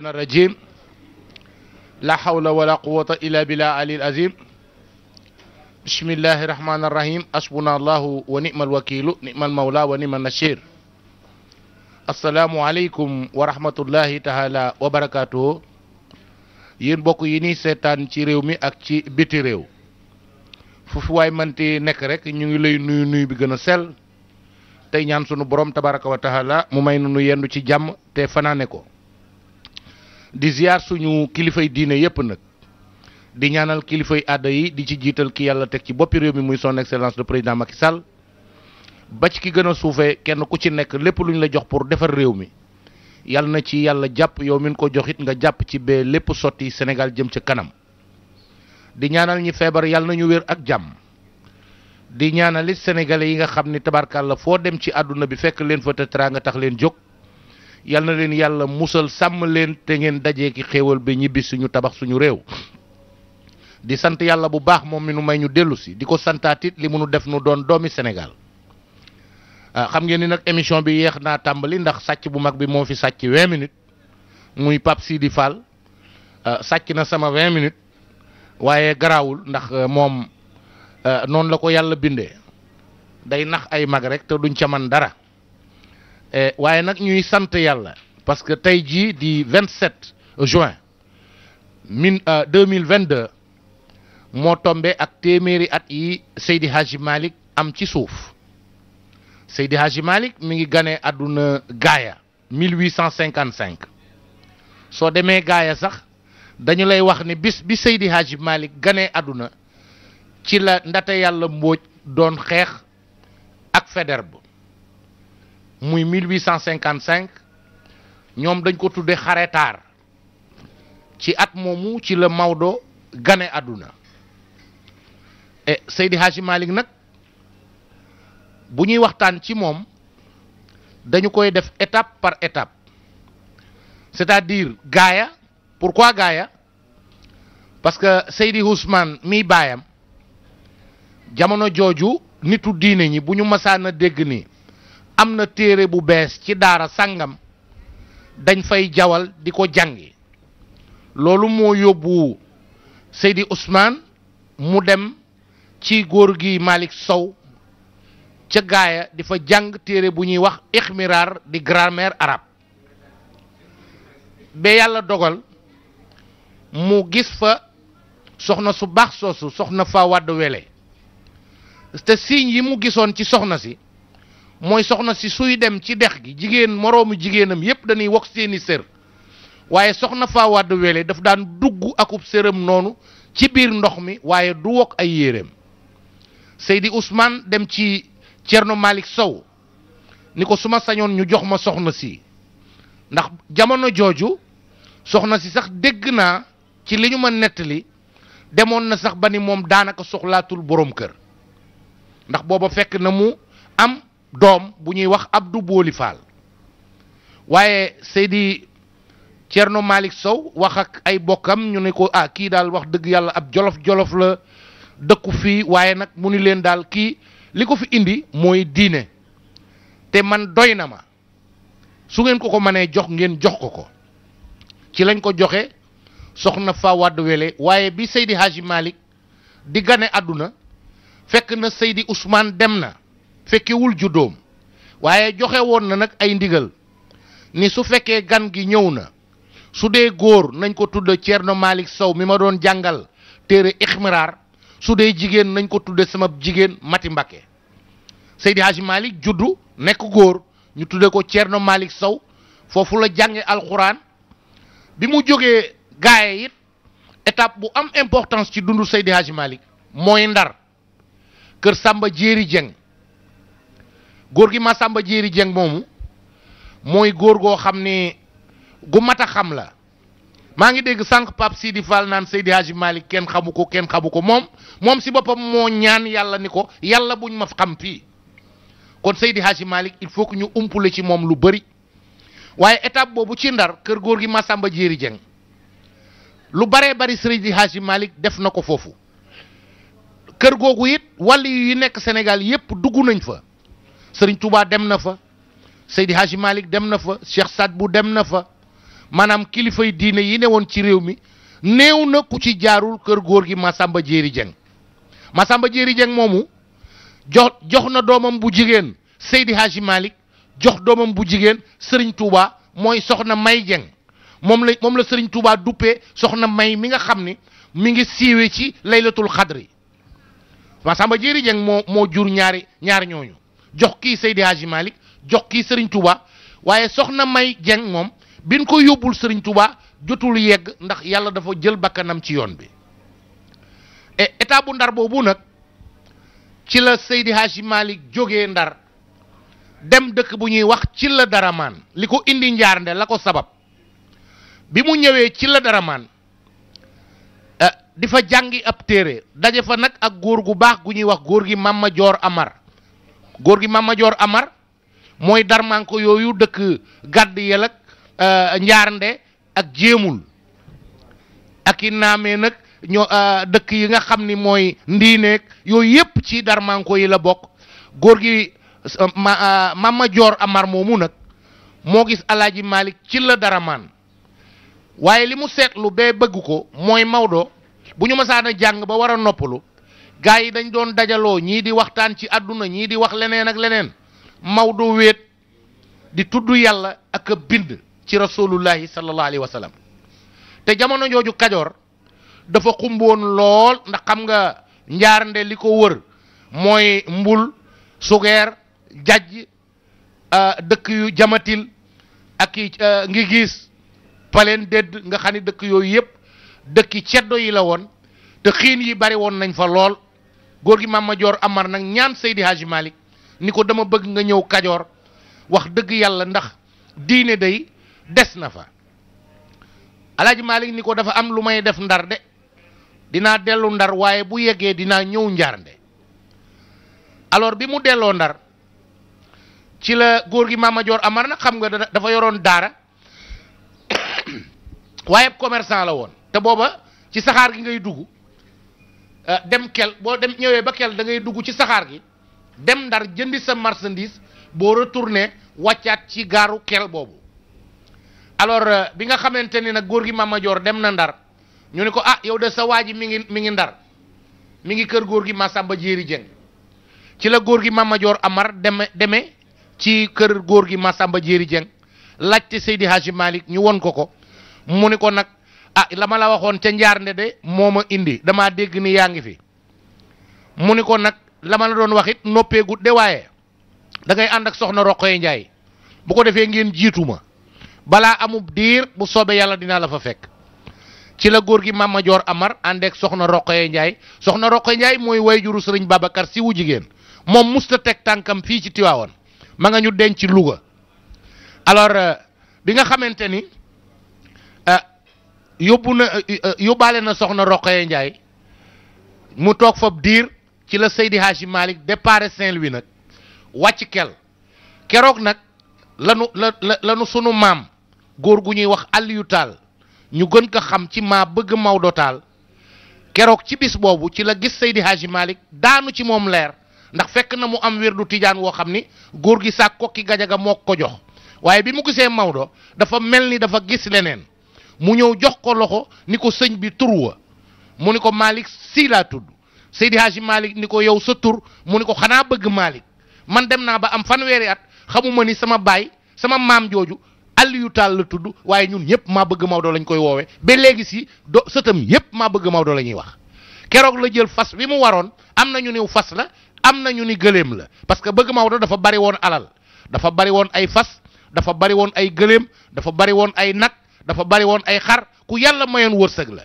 الشيطان الرجيم لا حول ولا قوة إلا بالله علي العظيم بسم الله الرحمن الرحيم حسبنا الله ونعم الوكيل نعم المولى ونعم النصير asalaamualeykum wa rahmatullahi taala wa barakaatu yéen bokk yi ni seetaan ci réew mi ak ci biti réew foofu waay manti nekk rek ñu ngi lay nuyu nuy bi gën a sell tey ñaan sunu borom tabaraka wa taala mu may nu nu yendu ci jàmm te fanaane ko di ziar suñu kilifay diine yépp nag di ñaanal kilifay aada yi di ci jiital ki yàlla teg ci boppi réew mi muy son excellence le président Macky Sall ba ki gën a suufee kenn ku ci nekk lépp lu ñu la jox pour defar réew mi yàlla na ci yàlla jàpp yow min ko joxit nga jàpp ci bee lépp sotti Sénégal jëm ca kanam di ñaanal ñi feebar yàlla na ñu wér ak jàmm di ñaanalit sénégalais yi nga xam ni la foo dem ci àdduna bi fekk leen fa te nga tax leen jóg yal na leen yàlla musal sàmm leen te ngeen dajee ki xéewal bi ñibbi suñu tabax suñu réew di sant yàlla bu baax moom mi nu may ñu dellusi di ko santaatit li mu nu def nu doon doomi senegal ah, xam ngeen ni nag émission bi yeex naa tàmbali ndax sàcc bu mag bi moo fi sàcc 20 minutes muy Pape Sidi Fall ah, sàcc na sama 20 minutes waaye garaawul ndax ah, moom noonu la ko yàlla bindee day nax ay mag rek te duñ ca man dara Eh, waaye nag ñuy sant yàlla parce que tey jii di 27 juin min 2022 euh, moo tombe ak téeméeri at yi Seydi Hadji Malick am ci suuf Seydi Hadji Malick mi ngi ganee àdduna gaaya 1855 soo demee gaaya sax dañu lay wax ne bis bi Seydi Hadji Malick ganee àdduna ci la ndata yàlla mbooj doon xeex ak Faidherbe muy 1855 ñoom dañ ko tuddee xaretaar ci at moomu ci la Maodo gane àdduna e Seydi Hadji nag bu ñuy waxtaan ci moom dañu koy def étape par étape c'est-à-dire gaaya pourquoi gaaya parce que Seydi Ousmane mi baayam jamono jooju nitu diine ñi bu ñu masaan a dégg ni am na téere bu bees ci daara sàngam dañ fay jawal di ko jàngi loolu moo yóbbu Seydi Ousmane mu dem ci góor gi Malick Sow ca gaaya di fa jàng téere bu ñuy wax ixmiraar di grammaire arabe ba yàlla dogal mu gis fa soxna su baax soosu soxna fa wàdd wele te signe yi mu gisoon ci soxna si mooy soxna si suy dem ci dex gi jigéen moroomu jigéenam yépp dañuy wax seeni sër waaye soxna faawadd wele daf daan dugg akub sëram noonu ci biir ndox mi waaye du wokk ay yéreem Seydi usmaan dem ci Cerno malik Sow ni ko suma sañoon ñu jox ma soxna si ndax jamono jooju soxna si sax dégg naa ci li ñu ma nettali demoon na sax ba ni moom daanaka soxlaatul boroom kër ndax booba fekk na mu am doom bu ñuy wax Abdou Booli Fall waaye Seydi Thierno malik Sow waxak ay bokkam ñu ne ko ah kii daal wax dëgg yàlla ab jolof-jolof la dëkku fii waaye nag mu ni leen daal kii li ko fi indi mooy diine te man doy na ma su ngeen ko ko mënee jox ngeen jox ko ko ci lañ ko joxe soxna fa wàdd waaye bi Seydi Hadji malik di gane àdduna fekk na Seydi Ousmane dem na fekkewul juddoom waaye joxe woon na nag ay ndigal ni su fekkee gan gi ñëw na su dee góor nañ ko tudde Thierno Malick Sow mi ma doon jàngal téere Ixmiraar su dee jigéen nañ ko tudde sama jigéen Mati Mbakke Seydi Hadji Malick juddu nekk góor ñu tudde ko Thierno Malick Sow foofu la jànge alxuraan bi mu jógee gaaye it étape bu am importance ci dundu Seydi Hadji Malick mooy Ndar kër sàmba Jéeri Jeng góor gi Massamba Jéeri Jeng moomu mooy góor goo xam ne gu mat a xam la maa ngi dégg sànq Pape Sidi Fall naan Seydi Hadji Malick kenn xamu ko kenn xamu ko moom moom si boppam moo ñaan yàlla ni ko yàlla buñ ma xam fii kon Seydi Hadji malik il faut que ñu umpule ci moom lu bëri waaye étape boobu ci ndar kër góor gi Massamba Jéeri Jeng lu baree bari Seydi Hadji Malick def na ko foofu kër googu it wàll yi nekk senegal yépp dugg nañ fa Serigne Touba dem na fa Seydi Hadji dem na fa Cheikh Saad bu dem na fa maanaam kilifay diine yi ne woon ci réew mi néew na ku ci jaarul kër góor gi Massamba Diéry Dieng Massamba Diéry Dieng moomu jox na doomam bu jigéen Seydi Hadji jox doomam bu jigéen Serigne Touba mooy soxna May Dieng moom la moom la Serigne Touba duppee soxna May mi nga xam ni mi ngi siiwee ci laylatul xadri Massamba Diéry Dieng moo jur ñaari ñaari ñooñu jox kii Seydi Hadji jox kii Serigne Touba waaye soxna May Dieng moom bin ko yóbbul Serigne Touba jotul yegg ndax yàlla dafa jël bakkanam ci yoon bi e bu ndar boobu nag ci la Seydi Hadji Malick ndar dem dëkk bu ñuy wax ci la daramaan li ko indi njaarnde la ko sabab bi mu ñëwee ci la daramaan eh, di fa jàngi ab téere daje fa nag ak góor gu baax gu ñuy wax góor gi Mama Joor Amar góor gi mamajoor Amar mooy darmanko yooyu dëkk gàdd yel ak euh, njaarnde ak jéemul ak i naamee nag ñoo euh, dëkk yi nga xam ni mooy ndiineeg yooyu yépp ci darmanko yi la bokk góor gi euh, ma maam Amar moomu nag moo gis alaaji Malick ci la daramaan waaye li mu seetlu bee bëgg ko mooy Maodo bu ñu mësaan a jàng ba war a noppalu gaa yi dañ doon dajaloo ñii di waxtaan ci àdduna ñii di wax leneen ak leneen Maodo wéet di tudd yàlla ak a bind ci rasulullahi sallallahu alayhi wa te jamono jooju kajoor dafa xumboon lool ndax xam nga njaarnde li ko wër mooy mbul sugeer jajj dëkk yu jamatil ak ngi gis paleen dédd nga xam ni dëkk yooyu yëpp dëkki ceddo yi la woon te xiin yi bari woon nañ fa lool góor gi maam ma joor amar nag ñaan Seydi Hadji ni ko dama bëgg nga ñëw kajoor wax dëgg yàlla ndax diine day des na fa alaaji Malick ni ko dafa am lu may def ndar de dinaa dellu ndar waaye bu yeggee dinaa ñëw njaarnde alors bi mu delloo ndar ci la góor gi maam ma joor amar nag xam nga dafa yoroon daara waaye commerçant la woon te booba ci saxaar gi ngay dugg Euh, dem kel boo dem ñëwee ba kel da ngay dugg ci saxaar gi dem ndar jëndi sa marchandise boo retourné wàccaat ci gaaru kel boobu alors euh, bi nga xamante ni nag góor gi Mama Joor dem na ndar ñu ne ko ah yow de sa waa ji mi ngi mi ngi ndar mi ngi kër góor gi Masamba Jéeri Jeng ci la góor gi Mama Joor Amar deme demee ci kër góor gi Masamba Jéeri Jeng laajte Seydi Hadji ñu won ko ko mu ni ko nag ah la ma la waxoon ca njaar nde de moo ma indi damaa dégg ni yaa ngi fi mu ni ko nag lama la doon wax it noppeegut de waaye da ngay ànd ak soxna Roqoye Njaay bu ko defee ngeen jiitu ma balaa amub diir bu soobee yàlla dinaa la fa fekk ci la góor gi maam ma Joor Amar àndeek ak soxna Roqoye Njaay soxna Roqoye Njaay mooy wayjuru sëriñ Babacar si wu jigéen moom musta teg tànkam fii ci Tiwaawan ma nga ñu denc Louga alors euh, bi nga xamante ni yóbbu na eh, eh, yóbbaale na soxna Roqaya Njaay mu toog fab diir ci la Seydi Hadji Malick départ Saint-Louis nag wàcc kel keroog nag lanu la lanu sunu maam góor gu ñuy wax Aliou Tall ñu gën ko xam ci maa bëgg Maodo Tall keroog ci bis boobu ci la gis Seydi Hadji daanu ci moom leer ndax fekk na mu am wérdu tiijaan woo xam ni góor gi saak kokki gajaga moo ko jox waaye bi mu gisee Maodo dafa mel ni dafa gis leneen mu ñëw jox ko loxo ni ko sëñ bi tur wa mu ni ko Malick sii laa tudd Seydi Hadji Malick ni ko yow sa tur mu ni ko xanaa bëgg Malick man dem naa ba am fanweeri at xamuma ni sama baay sama maam jooju Aliou Tall la tudd waaye ñun ñëpp maa bëgg Maodo lañ koy woowee léegi si do sëtam yëpp maa bëgg Maodo la ñuy wax keroog la jël fas bi mu waroon am na ñu ni fas la am na ñu ni gëléem la parce que bëgg Maodo dafa bari woon alal dafa bari woon ay fas dafa bari woon ay gëléem dafa bari woon ay nag dafa bari woon ay xar ku yàlla mayoon wërsëg la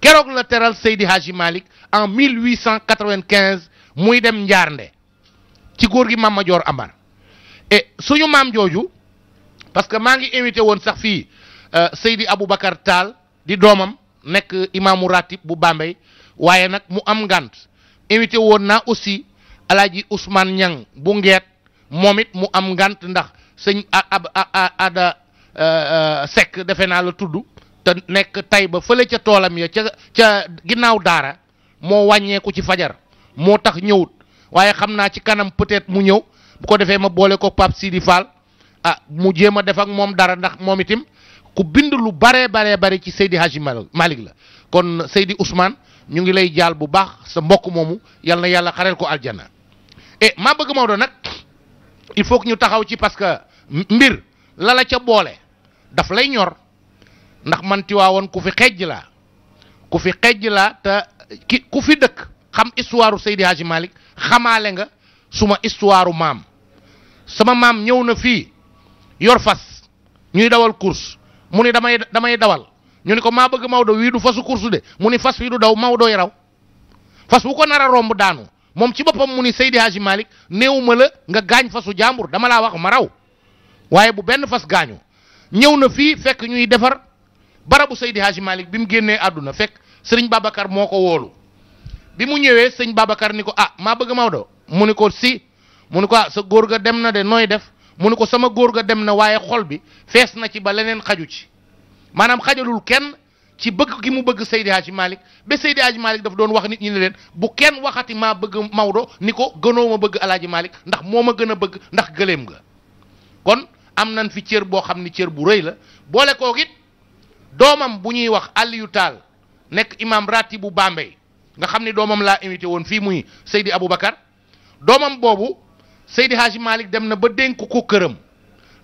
keroog la teral Seydi Hadji Malick en 1895 muy dem Njaarnde ci góor gi Mame Madior Amar et suñu maam jooju parce que maa ngi invité woon sax fii euh, Seydi Aboubacar Tall di doomam nekk imaamu ratib bu Bambey waaye nag mu am ngant invité woon naa aussi alaaji Ousmane Ñang bu ngeet moom it mu am ngant ndax sëñ a a ada Euh, euh, Seck defe naa la tudd te nekk tay ba fële ca toolam ya ca ca ginnaaw daara moo wàññeeku ci fajar moo tax ñëwut waaye xam naa ci kanam peut-être mu ñëw bu ko defee ma boole ko Pape Sidi Fall ah mu jéem a def ak moom dara ndax moom itam ku bind lu baree baree bari ci Seydi Hadji Malick la kon Seydi Ousmane ñu ngi lay jaal bu baax sa mbokk moomu yal na yàlla xareel ko aljana et eh, maa bëgg Maodo nag il faut ñu taxaw ci parce que mbir la la ca boole daf lay ñor ndax man Tiwaawoon ku fi xejj laa ku fi xejj laa te ku fi dëkk xam histoire Seydi Hadji Malick xamaale nga suma histoire maam sama maam ñëw na fii yor fas ñuy dawal course mu ni damay damay dawal ñu ni ko maa bëgg Maodo wii du fasu course de mu ni fas wi du daw Maodo raw fas wu ko nar romb daanu moom ci boppam mu ni Seydi malik Malick ma la nga gaañ fasu jàmbur dama laa wax ma raw waaye bu benn fas gaañu ñëw na fii fekk ñuy defar barabu Seydi Hadji Malick bi mu génnee àdduna fekk sëriñ Babacar moo ko woolu bi mu ñëwee sëñ Babacar ni ko ah maa bëgg Maodo mu ni ko si mu ni ko ah sa góor ga dem na de nooy def mu ni ko sama góor ga dem na waaye xol bi fees na ci ba leneen xaju ci maanaam xajalul kenn ci bëgg ki mu bëgg Seydi Hadji Malick ba Seydi Hadji Malick daf doon wax nit ñi ne leen bu kenn waxati maa bëgg Maodo ni ko gënoo ma bëgg Alaaji Malick ndax moo ma gën a bëgg ndax gëléem nga am nañ fi cër boo xam ni cër bu rëy la boole kook it doomam bu ñuy wax Aliou Tall nekk imam rati bu Bambey nga xam ni doomam laa invité woon fii muy Seydi Aboubacar doomam boobu Seydi Hadji Malick dem na ba dénk ko këram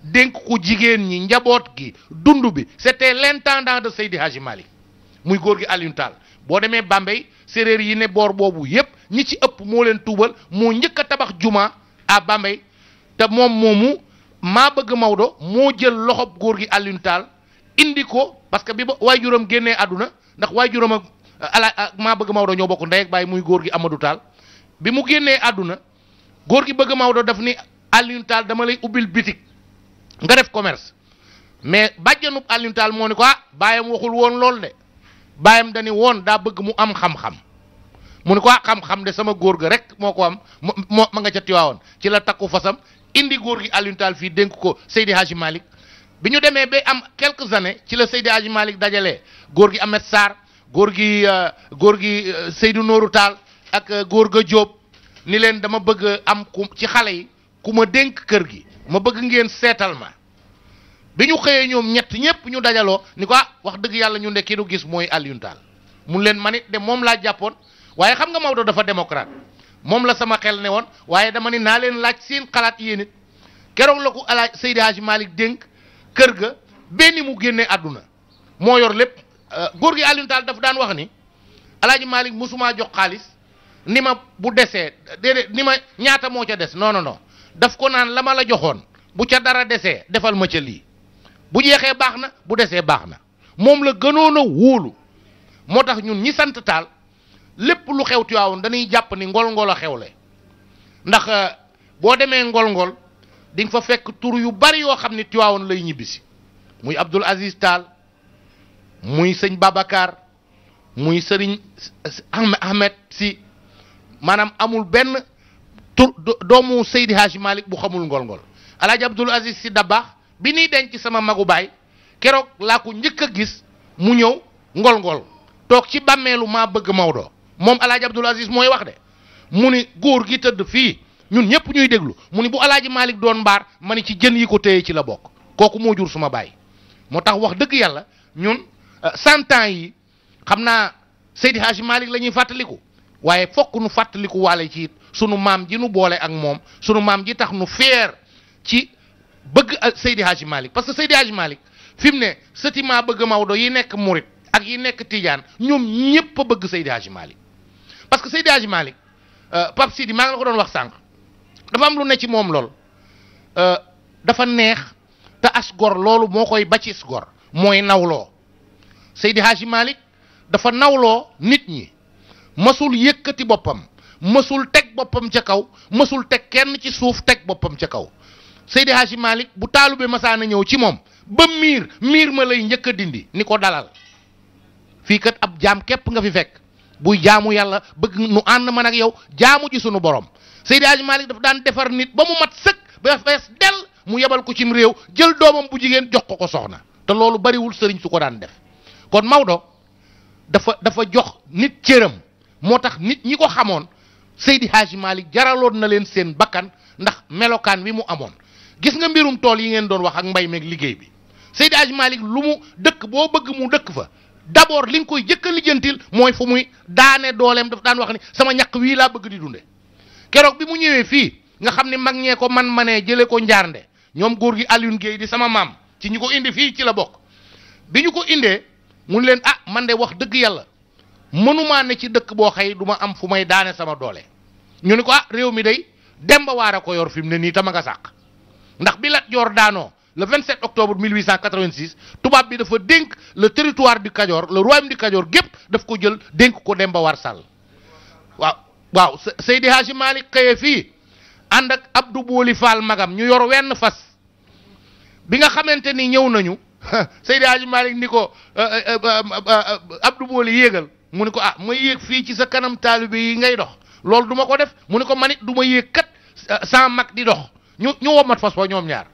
dénk ko jigéen ñi njaboot gi dund bi te l'intendant de Seydi Hadji Malick muy góor gi Aliou Tall boo demee Bambey séréer yi ne boor boobu yépp ñi ci ëpp moo leen tuubal moo njëkk a tabax juma à Bambey te moom moomu maa bëgg Maodo moo jël loxob góor gi Alioune Tall indi ko parce que bi ba waajuram génnee àdduna ndax waajuram ak euh, ala maa bëgg Maodo ñoo bokk ndey ak muy góor gi Amadou taal bi mu génnee àdduna góor gi bëgg Maodo daf ni Alioune Tall dama lay ubbil bitik nga def commerce mais bàjjanub Alioune Tall moo ni ko ah baayam waxul woon lool de baayam dani woon daa bëgg mu am xam-xam mu ni ko ah xam-xam de sama góor gi rek moo ko am moo ma nga ca Tiwaawoon ci la takku fasam indi góor gi Alioune Tall fii dénk ko Seydi Hadji Malick bi ñu demee ba am quelque années ci la Seydi Hadji Malick dajalee góor gi Ahmed Sarr góor gi euh, góor gi euh, Seydou Nourou ak euh, góor ga Diop ni leen dama bëgg am ku ci xale yi ku ma dénk kër gi ma bëgg ngeen seetal ma bi ñu xëyee ñoom ñett ñépp ñu dajaloo ni ko ah wax dëgg yàlla ñu ne ki du gis mooy Alioune Tall mun leen man it de moom laa jàppoon waaye xam nga Maodo dafa démocrate moom la sama xel ne woon waaye dama ne naa leen laaj seen xalaat yéen it keroog la ko alaaj Seydi Hadji Malick dénk kër ga benn mu génne àdduna moo yor lépp euh, góor gi Alioune daf daan wax ni alaaji Malick mosumaa jox xaalis ni ma bu desee déedéet ni ma ñaata moo ca des non non non daf ko naan la ma la joxoon bu ca dara desee defal ma ca lii bu jeexee baax na bu desee baax na moom la gënoon wóolu moo tax ñun ñi sant taal lépp lu xew Tiwaawoon dañuy jàpp ni ngol-ngol a xewle ndax euh, boo demee ngol-ngol di fa fekk tur yu bari yoo xam ni Tiwaawoon lay ñibbisi muy Abdul Aziz Tall muy sëñ babakar muy sëriñ Ahmed si maanaam amul benn tur doomu Seydi Hadji Malick bu xamul ngol-ngol Alaaji Abdul Aziz si Dabaax bi ñuy denc sama magu baay keroog laa ko njëkk a gis mu ñëw ngol-ngol toog ci bàmmeelu maa bëgg Maodo. moom alaaji Abdoul Aziz mooy wax de mu ni góor gi tëdd fii ñun ñëpp ñuy déglu mu ni bu alaaji Malick doon mbaar ma ni ci jën yi ko téye ci la bokk kooku moo jur suma baay moo tax wax dëgg yàlla ñun euh, cent ans yi xam naa Seydi Hadji Malick la ñuy fàttaliku waaye fokk nu fàttaliku waale ci sunu maam ji nu boole ak moom sunu maam ji tax nu feer ci bëgg euh, Seydi Hadji Malick parce que Seydi Hadji Malick fi mu ne sëti maa bëgg Maodo yi nekk Murit ak yi nekk Tidiane ñoom ñëpp bëgg Seydi Hadji parce que Seydi Hadji Malick euh, Pape Sidi maa ngi ko doon wax sànq dafa am lu ne ci moom lool euh, dafa neex te as loolu moo koy bàccis gor mooy nawloo Seydi Hadji dafa nawloo nit ñi mësul yëkkati boppam mësul teg boppam ca kaw mësul teg kenn ci suuf teg boppam ca kaw Seydi Hadji Malick bu taalube masaana ñëw ci moom ba miir miir ma lay njëkk dindi ni ko dalal fii kat ab jaam képp nga fi fekk buy jaamu yàlla bëgg nu ànd man ak yow jaamu ci sunu borom Seydi Hadji Malick daf daan defar nit ba mu mat sëkk ba fees del mu yebal ko cim réew jël doomam bu jigéen jox ko ko soxna te loolu bariwul sëriñ su ko daan def kon Maodo dafa dafa jox nit cëram moo tax nit ñi ko xamoon Seydi Hadji Malick jaraloon na leen seen bakkan ndax melokaan wi mu amoon gis nga mbirum tool yi ngeen doon wax ak mbay meeg liggéey bi Seydi Hadji Malick lu mu dëkk boo bëgg mu dëkk fa d'abord li nga koy jëkk a lijjantil mooy fu muy daane dooleem daf daan wax ni sama ñaq wii laa bëgg di dunde keroog bi mu ñëwee fii nga xam ne mag ñee ko man manee jëlee ko njaarnde ñoom góor gi Alioune Guèye di sama maam ci ñu ko indi fii ci la bokk bi ñu ko indee mu leen ah man de wax dëgg yàlla mënumaa ne ci dëkk boo xëy du ma am fu may daane sama doole ñu ne ko ah réew mi day Demba Waar a ko yor fi mu ne nii tama nga sàq ndax bi Lat Joor daanoo le 27 octobre 1886 tubaab bi dafa dénk la territoire du Kajoor le royaume du Kajoor gépp daf ko jël dénk ko Demba War Sall waaw waaw Seydi Hadji Malick fii ànd ak Abdou Booli Fall magam ñu yor wenn fas bi nga xamante ni ñëw nañu Seydi Hadji Malick ni ko euh, euh, euh, Abdou Booli yéegal mu ni ko ah ma yéeg fii ci sa kanam taalibe yi ngay dox loolu duma ko def mu ni ko manit du ma yéeg kat sans mag di dox ñu ñu womat fas wa ñoom ñaar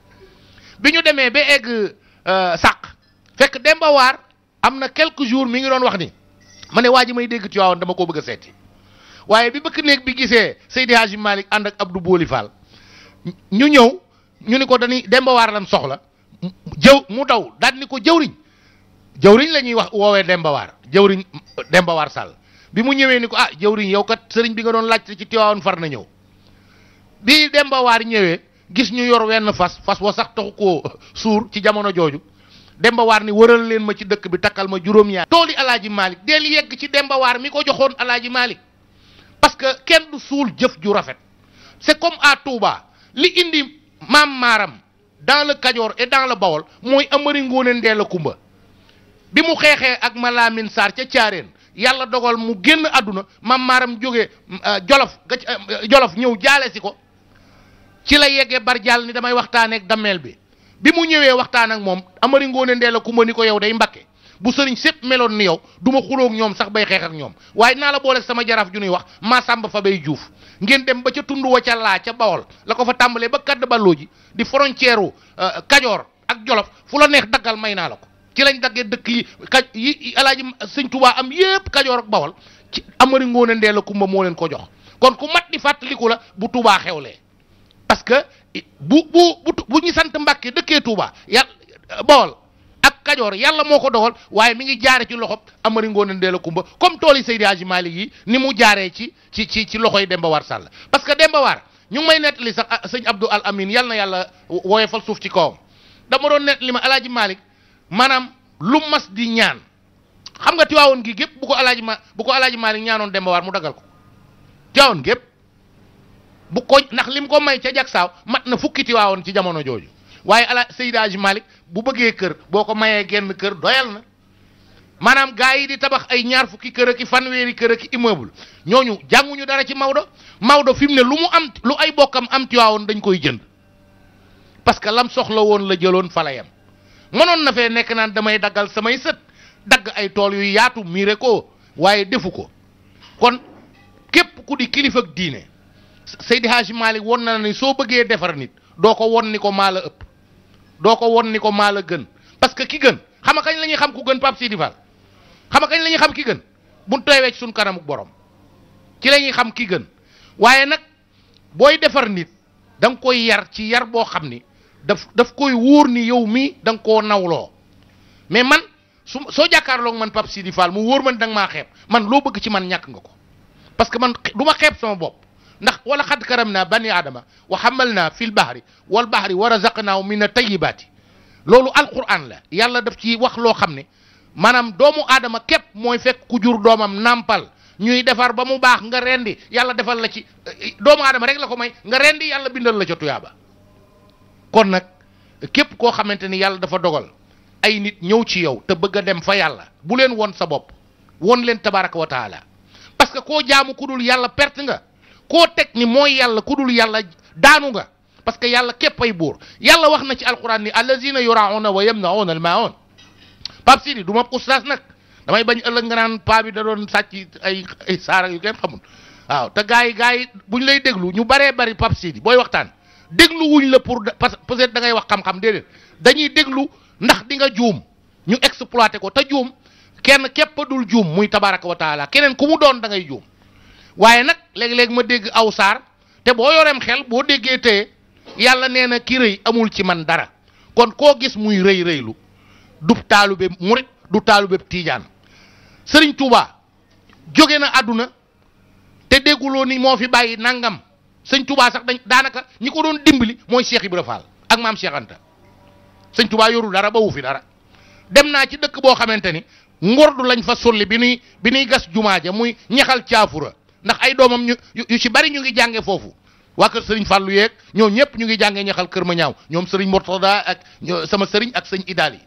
bi ñu demee ba egg euh, sàq fekk dembawaar am na quelques jours mi ngi doon wax ni ma ne waa ji may dégg Tiwaawan dama koo bëgg a seeti waaye bi bëkk néeg bi gisee Seydi Hadji ànd ak Abdou Boli Fall ñu ñëw ñu ni ko dañuy dembawaar Waar lan soxla jëw mu daw daal ni ko jëwriñ jëwriñ la ñuy wax woowee Demba Waar jëwriñ dembawaar Waar Sall bi mu ñëwee ni ko ah jëwriñ yow kat sëriñ bi nga doon laajte ci Tiwaawan far na ñëw bi Demba ñëwee gis ñu yor wenn fas fas wa sax taxu koo suur ci jamono jooju Demba Waar ni wëral leen ma ci dëkk bi takkal ma juróom-ñaar tooli alaaji Malick del yegg ci Demba mi ko joxoon alaaji Malick parce que kenn du suul jëf ju rafet c'est comme à Touba li indi maam maaram dans le Kajoor et dans le Bawol mooy Amari Ngoone Ndeela Kumba bi mu xeexee ak ma Laamin Saar ca Caareen yàlla dogal mu génn àdduna maam maaram jóge euh, Jolof euh, Jolof ñëw jaale si ko ci la yeggee barjaal ni damay waxtaaneek ak bi bi mu ñëwee waxtaan ak moom amari ngoone ndee la kumba ni ko yow day mbakke bu sëriñ sépp meloon ni yow du ma xuloog ñoom sax bay xeex ak ñoom waaye naa la boole sama jaraaf ju nuy wax Massamba fa bay juuf ngeen dem ba ca tund wa ca laa ca bawol la ko fa tàmbalee ba kadd balloo ji di frontière u euh, kajoor ak jolof fu la neex daggal may naa la ko ci lañ daggee dëkk yi ka yi alaaji sëñ tubaa am yépp kajoor ak ci amari ngoone ndee la kumba moo leen ko jox kon ku mat di fàttaliku la bu tubaa xewlee parce que bu bu bu bu ñu sant Mbàkke dëkkee Touba yàlla Bawol ak Kajoor yàlla moo ko dogal waaye mu ngi jaare ci loxob Amari Ngoone Ndeela Kumba comme tool yi Seydi Hadji Malick yi ni mu jaaree ci ci ci ci loxoy Demba War Sall parce que Demba War ñu may nettali sax ah, sëñ Abdou Al Amin yàlla na yàlla woyofal suuf ci kawam dama doon nettali ma El Hadji maanaam lu mas di ñaan xam nga Tiwaawoon gi gépp bu ko El Hadji ma bu ko El Hadji ñaanoon Demba mu dagal ko Tiwaawoon gépp bu ko ndax lim ko may ca jagsaaw mat na fukki tiwaawoon ci jamono jooju waaye ala Seydaaji Malick bu bëggee kër boo ko mayee genn kër doyal na maanaam gaa yi di tabax ay ñaar fukki kër ak i fanweeri kër ak i immeuble ñooñu jànguñu dara ci Maodo Maodo fi mu ne lu mu am lu ay bokkam am tiwaawoon dañ koy jënd parce que lam soxla woon la jëloon fa la yem mënoon na fee nekk naan damay daggal samay sët dagg ay tool yuy yaatu miire ko waaye defu ko kon képp ku di kilifa diine. Seydi Hadji Malick won na ni soo bëggee defar nit doo ko won ni ko maa la ëpp doo ko won ni ko maa la gën parce que ki gën xam nga kañ la ñuy xam ku gën Pape Sidi Fall xam nga kañ la ñuy xam ki gën bu teewee suñ kanamu borom ci la ñuy xam ki gën waaye nag booy defar nit da nga koy yar ci yar boo xam ni daf daf koy wóor ni yow mii da nga koo nawloo mais man su soo jàkkaarloog man Pape Sidi Fall mu wóor man da nga maa xeeb man loo bëgg ci man ñàkk nga ko parce que man du ma xeeb sama bopp. ndax wala xad karam naa bani aadama wa xamal naa fil bahri wal bahri wa razaqnaahu min a tayibaati loolu alquran la yàlla def ci wax loo xam ne maanaam doomu aadama képp mooy fekk ku jur doomam nàmpal ñuy defar ba mu baax nga rendi yàlla defal la ci doomu aadama rek la ko may nga rendi yàlla bindal la ca tuyaaba kon nag képp koo xamante ni yàlla dafa dogal ay nit ñëw ci yow te bëgg a dem fa yàlla bu leen woon sa bopp woon leen tabaraka wa taala ko teg ni mooy yàlla ku dul yàlla daanu nga parce que yàlla képp ay buur yàlla wax na ci alquran ni allazina yurauna wa yamnauna al maun Pape Sidi du duma oustaz nag damay bañ ëllëg nga naan paa bi da doon sàcc ay ay saara yu kenn xamul waaw te gars yi gars yi bu ñu lay déglu ñu baree bari Pape Sidi booy waxtaan déglu wuñ la pour parce que peut-être da wax xam-xam déedéet dañuy déglu ndax di nga juum ñu exploité ko te juum kenn képp dul juum muy tabaraka keneen ku mu doon da ngay waaye nag léeg-léeg ma dégg aw saar te boo yoreem xel boo déggee te yàlla nee na ki rëy amul ci man dara kon koo gis muy rëy rëylu du taalube murit du taalube tiijaan sëriñ Touba jóge na àdduna te dégguloo ni moo fi bàyyi nangam sëñ Touba sax dañ daanaka ñi ko doon dimbali mooy Cheikh Ibra Fall ak maam Cheikh Anta sëñ Touba yorul dara ba wu dara dem naa ci dëkk boo xamante ni ngordu lañ fa solli bi nuy bi nuy gas jumaa ja muy ñaxal caafura ndax ay doomam ñu yu ci bari ñu ngi jànge foofu waa kër sëriñ Fallou yeeg ñoo ñëpp ñu ngi jàngee ñaxal kër ma ñaaw ñoom sëriñ Mortada ak sama sëriñ ak sëñ Idaali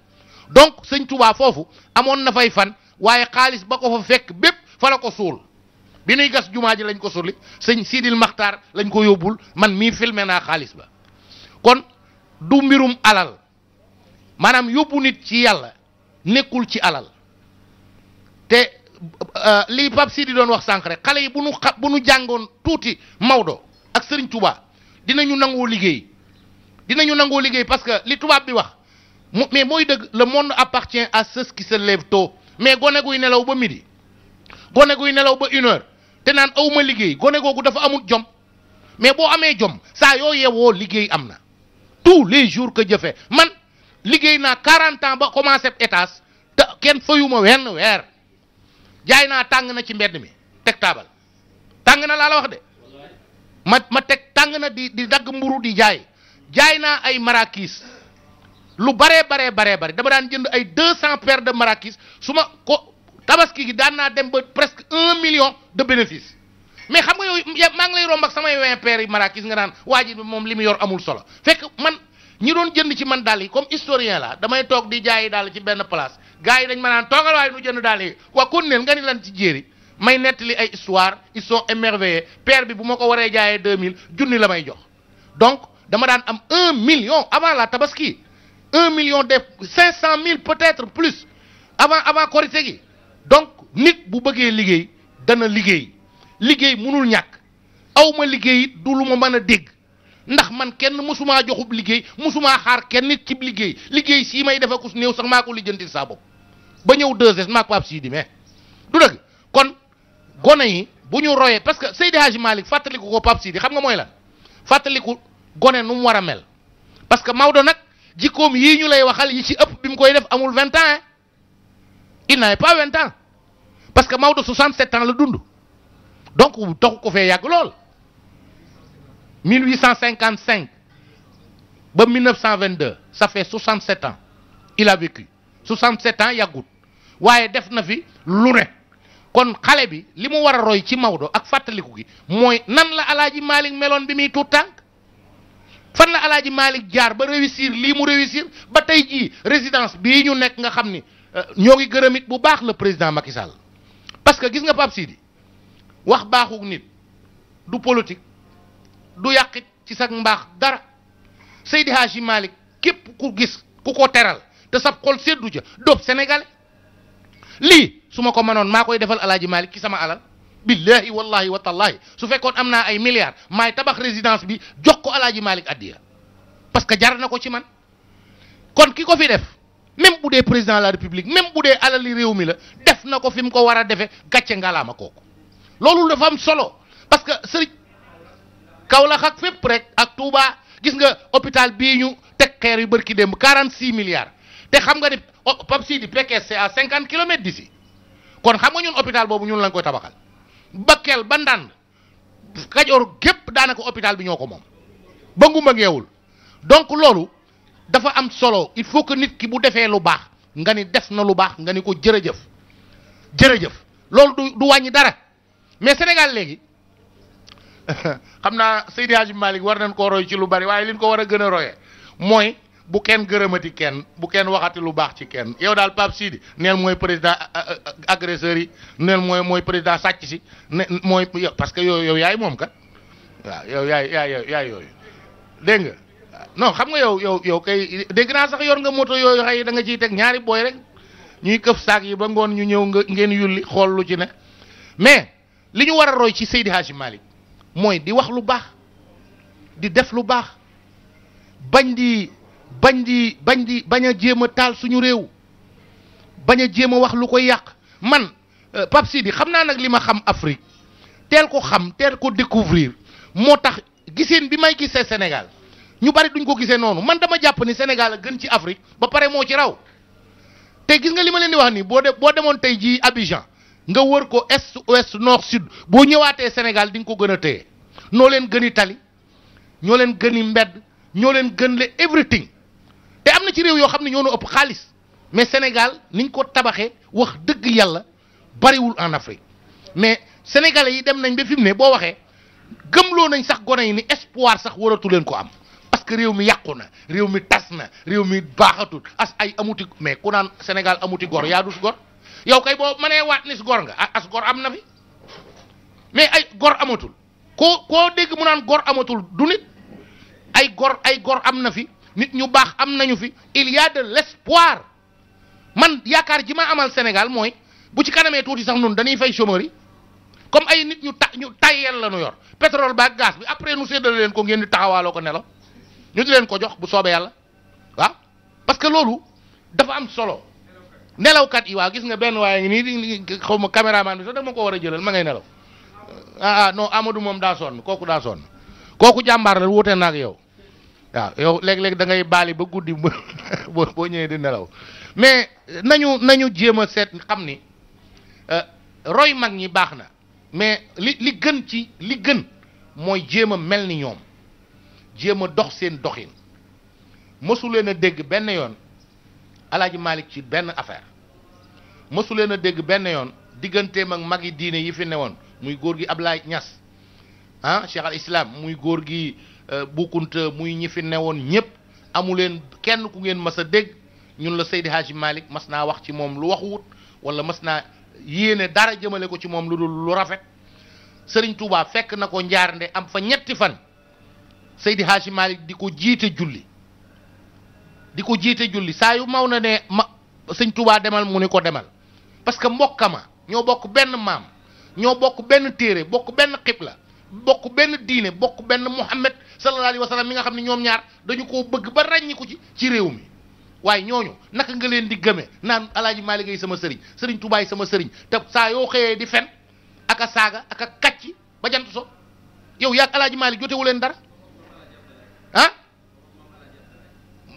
donc sëñ Touba foofu amoon na fay fan waaye xaalis ba ko fekk bépp fa ko suul bi gas jumaa ji lañ ko sulli sëñ Sidil Maxtaar lañ ko yóbbul man mii filmé naa xaalis ba kon du mbirum alal maanaam yóbbu nit ci yàlla nekkul ci alal te Euh, lii Pape di doon wax sànq rek xale yi bu nu xa bu nu jàngoon tuuti Maodo ak Serigne Touba dinañu nangoo liggéey dinañu nangoo liggéey parce que li tubaab bi wax mu mais mooy dëgg le monde appartient à ceux qui se lèvent tôt mais gone guy nelaw ba midi gone guy nelaw ba une te naan awma liggéey gone googu dafa amul jom mais boo amee jom saa yoo yeewoo liggéey am na tous les jours que jëfe man liggéey naa 40 ans ba commencé étage te kenn fayuma wenn weer. jaay naa tàng na ci mbedd mi teg taabal tàng na laa la wax de ma ma teg tàng na di di dagg mburu di jaay jaay naa ay marakis lu baree baree baree bare dama daan jënd ay deux cent paires de marakis su ma ko tabaski gi daan naa dem ba presque un million de bénéfice mais xam nga yow maa ngi lay romb ak samay vingt paires yi marakis nga naan waa moom li mu yor amul solo fekk man ñi doon jënd ci man daal yi comme historien laa damay toog di jaayi daal ci benn place gars yi dañ ma naan toogal waaye nu jënd daal yi waa kon neel nga ni lan ci jéeri may nettali ay histoire ils sont émerveillés bi bu ma ko waree jaayee 2000 junni la may jox donc dama daan am un million avant la tabaski un million def 500 000 peut-être plus avant avant korité gi donc nit bu bëggee liggéey dana liggéey liggéey mënul ñàkk aw ma liggéey du lu ma mën a dégg ndax man kenn mësumaa joxub liggéey mësumaa xaar kenn nit cib liggéey liggéey sii may defakus néew sax maa ko lijjantil saa ba ñëw 2S maak Pape Sidi mais du dëgg kon gone yi bu ñu royee parce que Seydi Hadji Malick fàttaliku ko Pape Sidi xam nga mooy lan fàttaliku gone nu mu war a mel parce que Maodo nag jikkoom yii ñu lay waxal yi ci ëpp bi mu koy def amul 20 ans il n'avait pas 20 ans parce que Maodo 67 ans la dund donc taxu ko fee yàgg lool 1855 ba 1922 ça fait 67 ans il a vécu 67 ans yàggut. waaye def na fi lu ne kon xale bi li mu war a roy ci Maodo ak fàttaliku gi mooy nan la alaaji Malick meloon bi muy tuut tànk fan la alaaji Malick jaar ba réussir lii mu réussir ba tey jii résidence bii ñu nekk nga xam ni euh, ñoo ngi gërëm it bu baax la président Macky parce que gis nga Pape Sidi wax baaxu nit du politique du yàqit ci sa mbaax dara Seydi Hadji Malick képp ku gis ku ko teral te sab xol seddu ca doob sénégalais lii su ma ko mënoon maa koy defal alaaji Malick ki sama alal billahi wallahi wa tallahi su fekkoon am naa ay milliards maay tabax résidence bi jox ko alaaji Malick addiya parce que jar na ko ci man kon ki ko fi def même bu dee président de la république même bu dee alali réew mi la def na ko fi mu ko war a defee gàcce ngalaama kooku loolu dafa am solo parce que sëriñ Kaolack ak fépp rek ak Touba gis nga hôpital bii ñu teg xeer yu bërki démb 46 milliards te xam nga ni Pape Sidi Pekes c'est à cinquante kilomètres d'ici kon xam nga ñun hôpital boobu ñun lañ koy tabaxal Bakel ba Ndande Kajoor gépp daanaka hôpital bi ñoo ko moom ba ngumba ngeewul donc loolu dafa am solo il faut que nit ki bu defee lu baax nga ni def na lu baax nga ni ko jërëjëf jërëjëf loolu du du wàññi dara mais Sénégal léegi xam naa Seydi Hadji Malick war nañ koo roy ci lu bari waaye li ko war a gën a royee mooy bu kenn gërëmati kenn bu kenn waxati lu baax ci kenn yow daal Pape Sidi neel mooy président agresseur yi neel mooy mooy président sàcc si ne mooy parce que yow yow yaay moom ka waaw yow yaay yaay yaay yooyu dégg nga non xam nga yow yow yow kay dégg naa sax yor nga moto yooyu xëy da nga ciy teg ñaari booy rek ñuy këf saak yi ba ngoon ñu ñëw nga ngeen yulli xool lu ci ne mais li ñu war a roy ci Seydi Hadji Malick mooy di wax lu baax di def lu baax bañ di. bañ di bañ di bañ a jéem a taal suñu réew bañ a jéem a wax lu koy yàq man euh, Pape Sidi xam naa nag li ma xam Afrique teel ko xam teel ko découvrir moo tax giseen bi may gisee Sénégal ñu bari duñ ko gisee noonu man dama jàpp ni Sénégal a gën ci Afrique ba pare moo ci raw te gis nga li ma leen di wax nii boo de boo demoon tey jii Abidjan nga wër ko est ouest nord sud boo ñëwaatee Sénégal di nga ko gën a téye noo leen gën i tali ñoo leen gën mbedd ñoo leen gën le te am na ci réew yoo xam ne ñoo nu ëpp xaalis mais Sénégal niñ ko tabaxee wax dëgg yàlla bariwul en Afrique mais sénégalais yi dem nañ ba fi mu ne boo waxee gëmloo nañ sax gone yi ni espoir sax waratu leen ko am parce que réew mi yàqu na réew mi tas na réew mi baaxatul as ay amuti mais ku naan Sénégal amuti gor yaa dus gor yow kay boo mënee waat ni gor nga as gor am na fi mais ay gor amatul koo koo dégg mu naan gor amatul du nit ay gor ay gor am na fi. nit ñu baax am nañu fi il y a l'espoir man yaakaar ji ma amal Sénégal mooy bu ci kanamee tuuti sax nun dañuy fay chômeurs comme ay nit ñu ta ñu tayel la ñu yor pétrole ba ak bi après nu séddale leen ko ngeen di taxawaaloo ko nelaw ñu di leen ko jox bu soobee yàlla waaw parce que loolu dafa am solo nelawkat yi waa gis nga benn waaye ngi nii xaw ma caméraman bi sax dama ko war a jëlal ma ngay nelaw ah ah non moom daa sonn kooku daa sonn kooku jàmbaar la wuute yow. waaw yow léeg-léeg da ngay baali ba guddi boo boo ñëwee di nelaw mais nañu nañu jéem a seet xam ni euh, roy mag ñi baax na mais li li gën ci li gën mooy jéem a mel ni ñoom jéem a dox seen doxin mësu leen dégg benn yoon alaaji Malick ci benn affaire mësu leen a dégg benn yoon digganteem ak mag yi diine yi fi newoon muy góor gi Ablaye Niass ah Cheikh al Islam muy góor gi. Euh, Boukounta muy ñi fi newoon ñëpp amu leen kenn ku ngeen mas a dégg ñun la Seydi Hadji mas naa wax ci moom lu waxuwut wala mas naa yéene dara jëmale ko ci moom lu dul lu rafet Serigne Touba fekk na ko njaarnde am fa ñetti fan Seydi Hadji di ko jiite julli di ko jiite julli saa yu maw na ne ma Sëñ Touba demal mu ni ko demal parce que mbokkama ñoo bokk benn maam ñoo bokk benn téere bokk benn xibla bokk benn diine bokk benn Muhammad sallallahu alayhi mi nga xam ne ñoom ñaar dañu koo bëgg ba ràññiku ci ci réew mi waaye ñooñu naka nga leen di gëme naan alaaji Maalik Gay sama sëriñ sëriñ Tuubaa sama sëriñ te saa yoo xëyee di fen ak a saaga ak a kàcc ba jant so yow yaag alaaji Maalik jotewu leen dara ah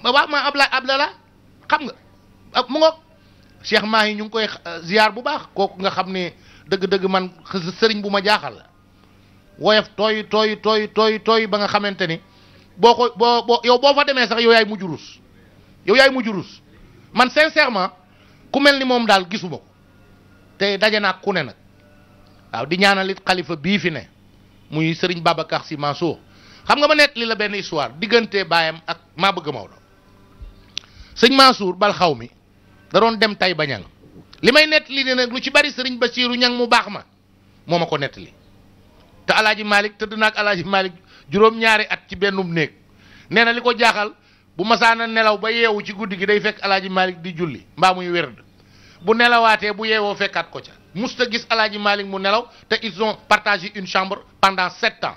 waaw maa abla ablala xam nga ah, mu ngoog maa Mahi ñu ngi koy ah, ziar bu baax kooku nga xam ne dëgg-dëgg man sëriñ bu ma jaaxal la woyof tooy tooy tooy tooy tooy ba nga xamante ni boo ko boo boo yow boo fa demee sax yow yaay mujj yow yaay mujj ruus man sincèrement ku mel ni moom daal gisuma ko te daje naa ku ne nag waaw di ñaanalit xalifa bii fi ne muy sëriñ Babacar Sy Mansour xam nga ma nett li la benn histoire diggante baayam ak maa bëgg Maodo sëñ Mansour bal xaw mi da doon dem tay bañang li may nett li ne nag lu ci bari sëriñ ba Basiiru ñang mu baax ma moo ma ko nett li te alaaji Malick tëdd naag alaaji Malick juróom-ñaari at ci bennum néeg nee na li ko jaaxal bu masaana nelaw ba yeewu ci guddi gi day fekk alaaji malik di julli mbaa muy werd bu nelawaatee bu yeewoo fekkaat ko ca musta gis alaaji Malick mu nelaw te ils ont partagé une chambre pendant sept ans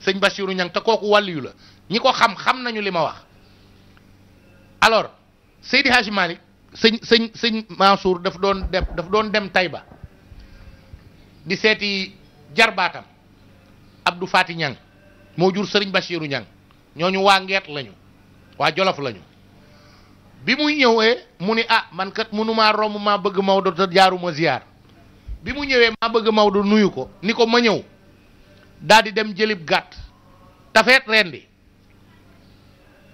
sëñ Bachirou Niang te kooku wàlliyu la ñi ko xam xam nañu li ma wax alors Seydi Hadji Malick sëñ sëñ sëñ Mansour daf doon dem daf doon dem Taïba di seeti jarbaatam du Fati Ñang moo jur Sëriñ Bachiru Ñang ñooñu waa ngeet lañu waa Jolof lañu bi muy ñëwee mu ni ah man kat mënumaa romb maa bëgg Maodo te jaaru ziyaar bi mu ñëwee maa bëgg Maodo nuyu ko ni ko ma ñëw daal di dem jëlib gàtt tafeet ren di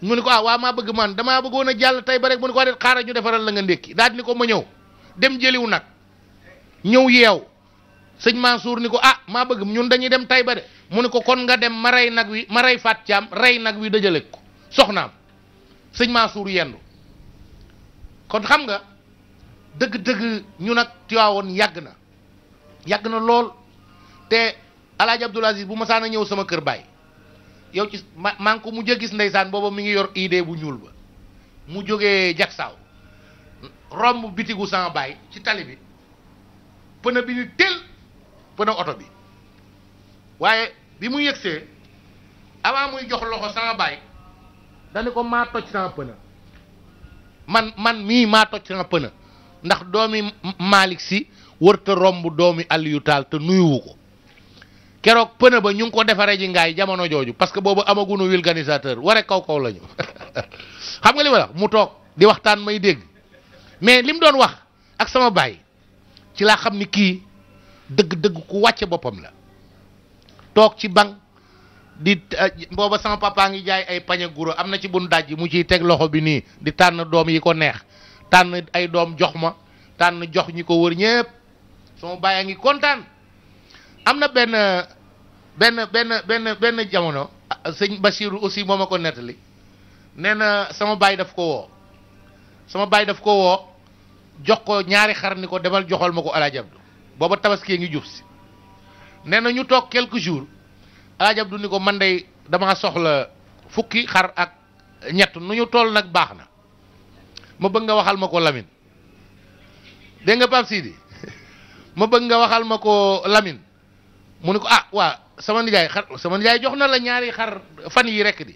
mu ni ko ah waa maa bëgg man damaa bëggoon a jàll tey ba rek mu ni ko ah xaaral ñu defaral la nga ndékki daal ni ko ma ñëw dem jëliw nag ñëw yeew sëñ Mansour ni ko ah maa bëgg ñun dañuy dem Taïba de mu ni ko kon nga dem ma rey nag wi ma rey faat caam rey nag wi dajale ko soxnaam sëñ suur yendu kon xam nga dëgg-dëgg ñu nag Tiwaawoon yàgg na yàgg na lool te El Hadj Abdoul Aziz bu masaana ñëw sama kër baay yow ci ma maa ko mu gis ndeysaan booba mi ngi yor idée bu ñuul ba mu jógee Jaksaaw romb bitigu sama baay ci tali bi pëna bi ni tel pneu oto bi waaye bi mu yëgsee avant muy jox loxo sama baay dañu ko maa toj sama pneu man man mii maa toj sama pneu ndax doomi Malick si wërta romb doomi Aliou Tall te nuyuwu ko keroog pneu ba ñu ngi ko defaree ji ngaay jamono jooju parce que boobu amagunu vulganisateur ware kaw kaw la xam nga li ma la mu toog di waxtaan may dégg mais li doon wax ak sama baay ci laa xam ni kii dëgg-dëgg ku wàcce boppam la toog ci banc di eh, booba sama papa ngi jaay ay pañe guro am na ci bun daj mu ciy teg loxo bi nii di tànn doom yi ko neex tànn ay doom jox ma tànn jox ñi ko wër ñépp sama baay a ngi kontaan am na benn benn benn benn benn jamono ah, sëñ Bachirou aussi moo ma ko nettali nee na sama baay daf ko woo sama baay daf ko woo jox ko ñaari xar ni ko demal joxal ma ko alaaj booba tabaskee ngi jub si nee na ñu toog quelques jours alaaj Abdu ni ko man day damaa soxla fukki xar ak ñett nu ñu toll nag baax na ma bëgg nga waxal ma ko Lamine dégg nga Pape Sidi ma bëgg nga waxal ma ko Lamine mu ni ko ah waa sama nijaay xar sama nijaay jox na la ñaari xar fan yi rek di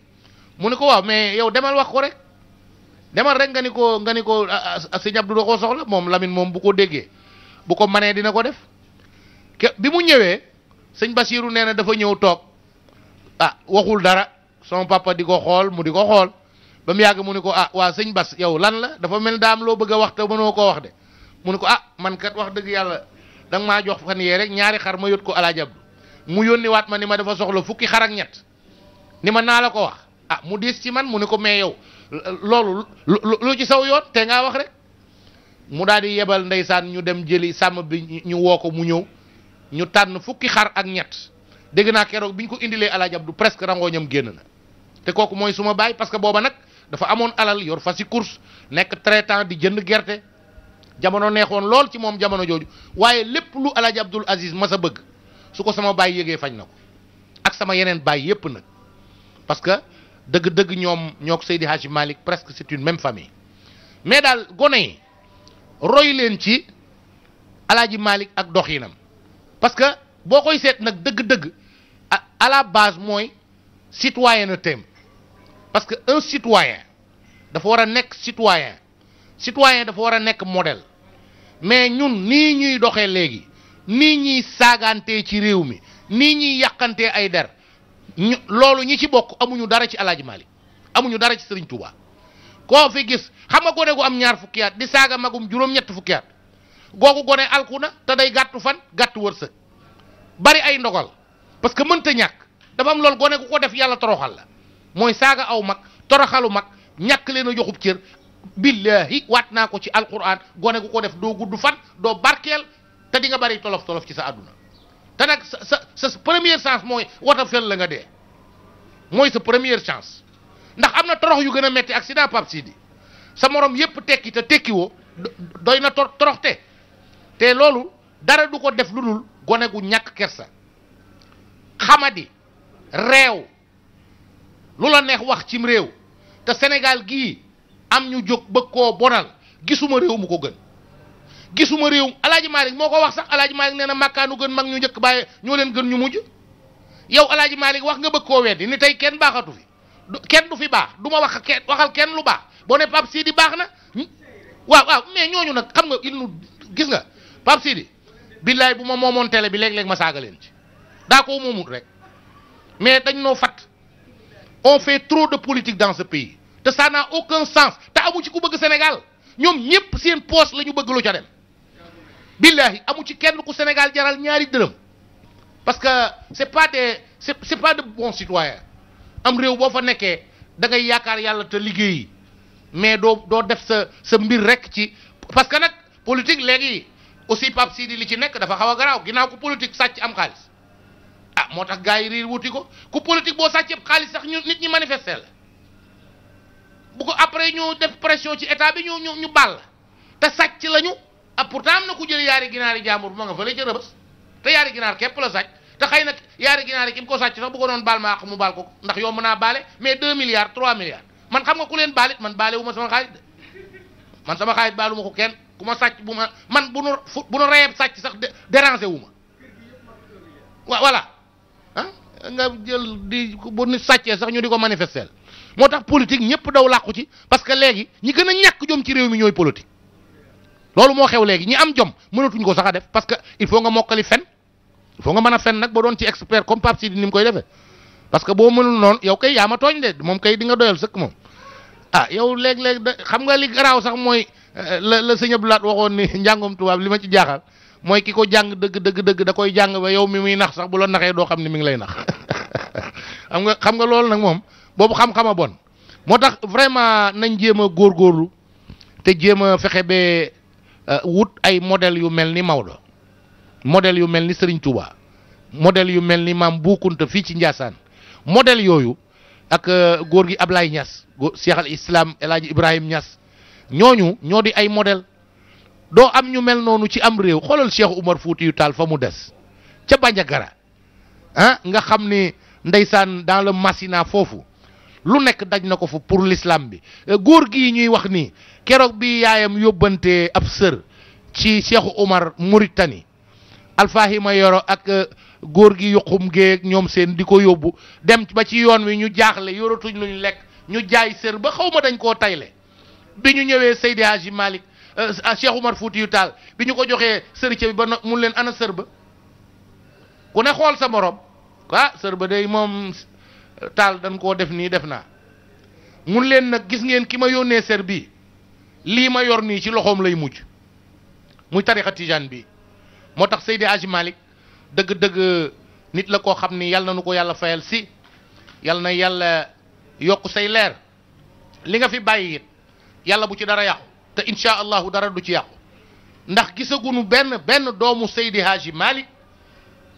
mu ne ko waaw mais yow demal wax ko rek demal rek nga ni ko nga ni ko ah, ah, sëñ Abdu da koo soxla moom lamin moom bu ko déggee bu ko manee dina ko def ke bi mu ñëwee sëñ Basiiru nee na dafa ñëw toog a ah, waxul dara son papa di ko xool mu di ko xool ba mu yàgg mu ne ko a ah, waa sëñ Bas yow lan la dafa mel daam loo bëgg a wax te mënoo koo wax de mu ne ko ah man kat wax dëgg yàlla danga ma jox fan yee rek ñaari xar ma yót ko alaajab mu yónni waat ma ni ma dafa soxla fukki xarak ak ñett ni ma naa la ko wax ah mu diis ci man mu ne ko mais yow loolu lu ci saw yoon te ngaa wax mu daal di yebal ndeysaan ñu dem jëli sàmm bi ñu woo ko mu ñëw ñu tànn fukki xar ak ñett dégg naa keroog bi ñu ko indilee alaaj Abdu presque rangooñam génn na te kooku mooy suma ma bàyyi parce que booba nag dafa amoon alal yor fasi course nekk traitant di jënd gerte jamono neexoon lool ci moom jamono jooju waaye lépp lu alaaj Abdul Aziz mas a bëgg su ko sama baay yëgee fañ na ko ak sama yeneen baay yépp nag parce que dëgg-dëgg ñoom ñoo ko Seydi Hadji presque c'est même famille mais daal gone yi roy leen ci alaaji Malick ak dox doxinam parce que boo koy seet nag dëgg-dëgg à àlla base mooy citoyenneté parce que un citoyen dafa war a nekk citoyen citoyen dafa war a nekk modèle mais ñun nii ñuy doxee léegi nii ñuy saagante ci réew mi nii ñuy yàqantee ay der ñu loolu ñi ci bokk amuñu dara ci alaaji Malick amuñu dara ci Serigne Touba koo fi gis xam nga gone gu am ñaar fukki di saaga magum juróom-ñett fukki at googu gone alku na te day gàttu fan gàttu wërsëg bari ay ndogal parce que mënta ñàkk dafa am loolu gone gu ko def yàlla toroxal la mooy saaga aw mag toroxalu mag ñàkk leen a joxub cër billahi waat naa ko ci alquran gone gu ko def doo gudd fan doo barkeel te dinga nga bari tolof tolof ci sa àdduna te nag sa sa sa première chance mooy wata fel la nga dee mooy sa première chance ndax am na torox yu gën a metti accident Pape Sidi sa morom yépp tekki te tekkiwoo woo doy na toroxte te loolu dara du ko def lu dul gone gu ñàkk kersa xamadi réew lu la neex wax cim réew te Sénégal gii am ñu jóg bëgg koo bonal gisuma réew mu ko gën gisuma réew alaaji Malick moo ko wax sax alaaji Malick nee na màkkaanu gën mag ñu njëkk bàyyi ñoo leen gën ñu mujj yow alaaji Malick wax nga bëgg koo weddi ni tey kenn baaxatu fi kenn du fi baax du ma wax ak kenn lu baax bone ne Pape di baax na hmm? waaw waaw mais ñooñu nag xam nga il nu gis nga Pape Sidi billaay bu ma moomoon télé bi léeg-léeg ma saaga leen ci daa koo moomut rek mais dañ noo fat on fait trop de politique dans ce pays te ça n'a aucun sens te amu ci ku bëgg Sénégal ñoom ñëpp seen poste la ñu bëgg lu ca dem billahi amu ci kenn ku Sénégal jaral ñaari dërëm parce que c'est pas des c'est c'est pas de bons citoyens am réew boo fa nekkee da ngay yaakaar yàlla te liggéeyi mais doo doo def sa sa mbir rek ci parce que nag politique léegi aussi Pape Sidi li ci nekk dafa xaw a garaaw ginnaaw ku politique sàcc am xaalis ah moo tax gars yi riir wuti ko ku politique boo sàcc ab xaalis sax ñu nit ñi manifester la bu ko après ñu def pression ci état bi ñu ñu ñu bàll te sàcc lañu ah pourtant am na ku jël yaari ginaari jaambur ma nga fële ca rëbës te yaari ginaar képp la sàcc. te xëy nag yaari ginaar ki mu ko sàcc sax bu ko doon baal ma àq mu baal ko ndax yomb naa baale mais 2 milliards 3 milliards man xam nga ku leen baalit man baale wu ma sama xaalis de man sama xaalis baalu ma ko kenn ku ma sàcc bu ma man bu nu fu bu nu reyeb sàcc sax dérangé wu ma wa voilà ah nga jël di bu nu sàccee sax ñu di ko manifester moo tax politique ñëpp daw làqu ci parce que léegi ñi gën a ñàkk jom ci réew mi ñooy politique loolu moo xew léegi ñi am jom mënatuñ ko sax a def parce que il faut nga mokkali fen foo nga mën a fen nag ba doon ci expert comme Pape Sidi ni mu koy defee parce que boo mënul noon yow kay yaa ma tooñ de moom kay di nga doyal sëkk moom ah yow léeg-léeg da xam nga li garaaw sax mooy eh, la la sëñ Abdoulaat waxoon ni njàngum tubaab li ma ci jaaxal mooy ki ko jàng dëgg dëgg dëgg da koy jàng ba yow mi muy nax sax bu la naxee doo xam ni mi ngi lay nax xam nga xam nga loolu nag moom boobu xam-xama bon moo tax vraiment nañ jéem a góorlu te jéem a fexe ba eh, wut ay modèle yu mel ni Maodo. modèle yu mel ni Serigne Touba modèle yu mel ni maam Boukounta fii ci Ndiassane modèle yooyu ak euh, góor gi Ablaye Niass góor Cheikh al Islam Ibrahim Niass ñooñu ñoo di ay modèle doo am ñu mel noonu ci am réew xoolal Cheikh Umar Foutiyou Tall fa mu des ca Bandiagara ah nga xam ni ndeysaan dans le Massina foofu lu nekk daj na ko fa pour l'islam bi euh, góor gi ñuy wax nii keroog bi yaayam yóbbante ab sër ci Cheikh Umar Mauritanie ma yoro ak euh, góor gi yuqum géeg ñoom seen di ko yóbbu dem ba ci yoon wi ñu jaaxle yoratuñ luñ lekk ñu jaay sër ba xaw ma dañ koo tayle bi ñu ñëwee Seydi Hadji Malick euh, Cheikh Oumar bi ñu ko joxee sërite bi ba mun leen ana sër ba ku ne xool sa moroom ah sër ba dey moom taal dañ koo def nii def naa mun leen nag gis ngeen ki ma yónnee sër bi lii ma yor nii ci loxoom lay mujj muy tarixa tijaan bi moo tax Seydi Hadji malik dëgg-dëgg nit la koo xam ni yàlla na nu ko yàlla fayal si yàlla na yàlla yokk say leer li nga fi bàyyi it yàlla bu ci dara yàqu te incha allahu dara du ci yàqu ndax gisagunu benn benn doomu Seydi Hadji Malick